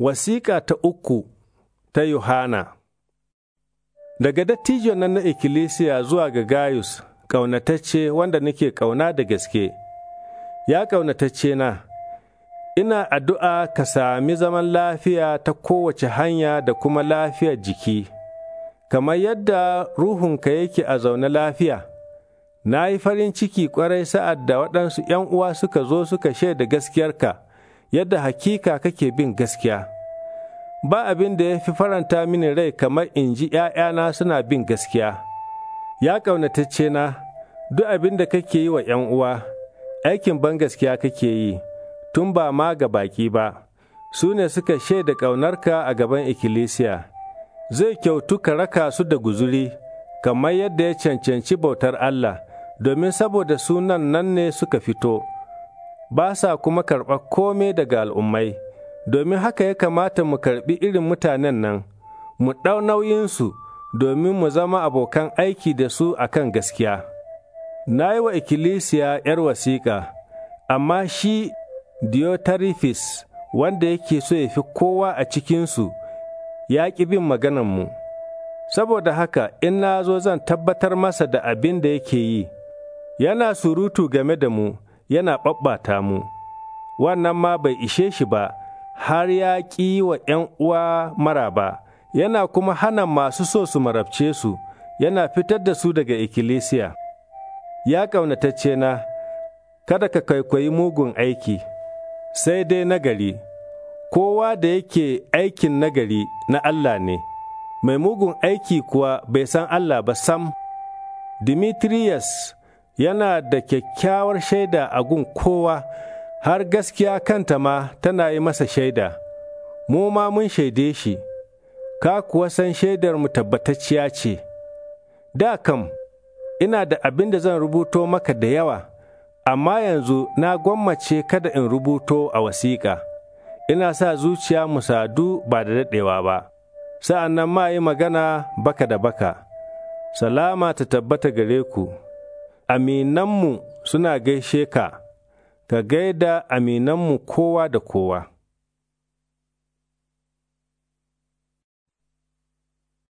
Wasiƙa ta uku ta Yohana Daga dattijon nan na ikkilisiya zuwa ga Gayus, ƙaunatacce wanda nake ƙauna da gaske, ya ƙaunatacce na, ina addu'a ka sami zaman lafiya ta kowace hanya da kuma lafiyar jiki, kamar yadda ruhunka yake a zaune lafiya. Na yi farin ciki ƙwarai sa'ad da waɗansu ’yan uwa suka zo suka shaida gaskiyarka. yadda hakika kake bin gaskiya. Ba abin da ya fi faranta mini rai kamar in ji ’ya'yana suna bin gaskiya. Ya ƙaunatacce na, duk abin da kake yi wa ‘yan uwa, aikin ban gaskiya kake yi, tun ba ma ga baƙi ba, su ne suka shaida ƙaunarka a gaban ikkilisiya. Zai kyautu ka raka su da guzuri, kamar yadda ya cancanci bautar Allah, domin saboda sunan nan ne suka fito. ba sa kuma karɓar kome daga al'ummai, domin haka ya kamata mu karɓi irin mutanen nan, mu ɗau nauyinsu domin mu zama abokan aiki da su a kan gaskiya. Na yi wa ikkilisiya ‘yar wasiƙa, amma shi Diotarifis wanda yake so ya fi kowa a cikinsu ya ƙi bin maganarmu. Saboda haka in na zo zan tabbatar masa da abin da yake yi, yana surutu game da mu. yana ɓaɓɓata mu, wannan ma bai ishe shi ba, har ya ƙi wa ’yan uwa ba. yana kuma hana masu so su marabce su, yana fitar da su daga ikkilisiya. Ya ƙaunatacce na, kada ka kwaikwayi mugun aiki, sai dai nagari, kowa da yake aikin nagari na Allah ne, mai mugun aiki kuwa bai san Allah ba sam. Dimitriyas yana da kyakkyawar shaida a gun kowa, har gaskiya kanta ma tana yi masa shaida, mu ma mun shaide shi, ka kuwa san shaidar mu tabbatacciya ce. Da kam, ina da abin da zan rubuto maka da yawa, amma yanzu na gwammace kada in rubuto a wasiƙa, ina sa zuciya mu ba da daɗewa ba, sa'an nan ma yi magana baka da baka. Salama ta tabbata gare ku. aminanmu suna gaishe ka, ka gaida aminanmu kowa da kowa.